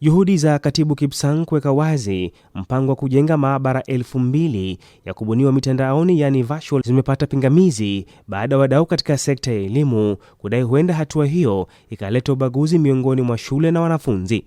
Juhudi za Katibu Kipsang kuweka wazi mpango wa kujenga maabara elfu mbili ya kubuniwa mitandaoni yaani virtual zimepata pingamizi baada ya wadau katika sekta ya elimu kudai huenda hatua hiyo ikaleta ubaguzi miongoni mwa shule na wanafunzi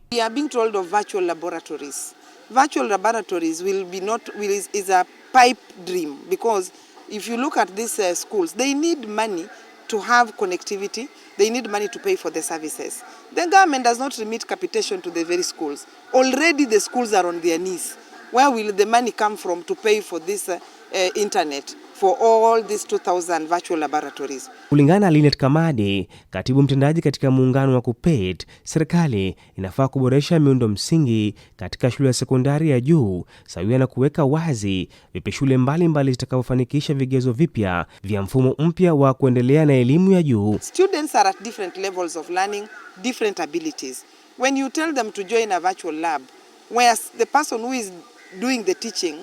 to have connectivity, they need money to pay for the services. The government does not remit capitation to the very schools. Already the schools are on their knees. Where will the money come from to pay for this uh, uh, internet? for all these 2000 virtual laboratories. Kulingana na Linet Kamadi, katibu mtendaji katika muungano wa KUPPET, serikali inafaa kuboresha miundo msingi katika shule ya sekondari ya juu sawia na kuweka wazi vipi shule mbalimbali zitakavyofanikisha vigezo vipya vya mfumo mpya wa kuendelea na elimu ya juu. Students are at different levels of learning, different abilities. When you tell them to join a virtual lab, where the person who is doing the teaching,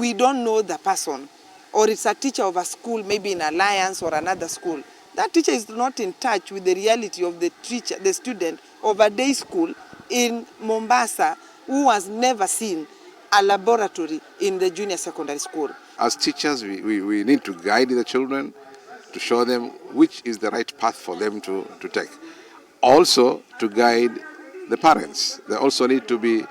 we don't know the person. or it's a teacher of a school, maybe in Alliance or another school. That teacher is not in touch with the reality of the teacher, the student of a day school in Mombasa who has never seen a laboratory in the junior secondary school. As teachers, we, we, we need to guide the children to show them which is the right path for them to, to take. Also, to guide the parents. They also need to be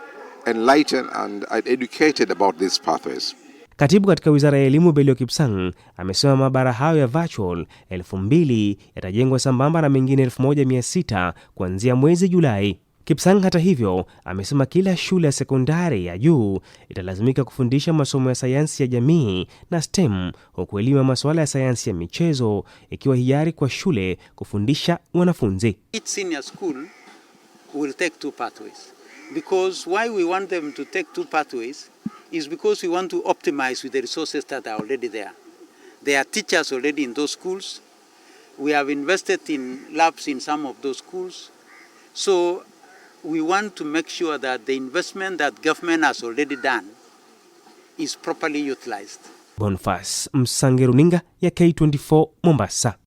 enlightened and educated about these pathways. Katibu katika wizara ya elimu Belio Kipsang amesema maabara hayo ya virtual 20 yatajengwa sambamba na mengine 16 kuanzia mwezi Julai. Kipsang hata hivyo amesema kila shule ya sekondari ya juu italazimika kufundisha masomo ya sayansi ya jamii na STEM, huku elimu ya masuala ya sayansi ya michezo ikiwa hiari kwa shule kufundisha wanafunzi is because we want to optimize with the resources that are already there. There are teachers already in those schools. We have invested in labs in some of those schools. So we want to make sure that the investment that government has already done is properly utilized. Bonfas msangeruninga ya K24 Mombasa.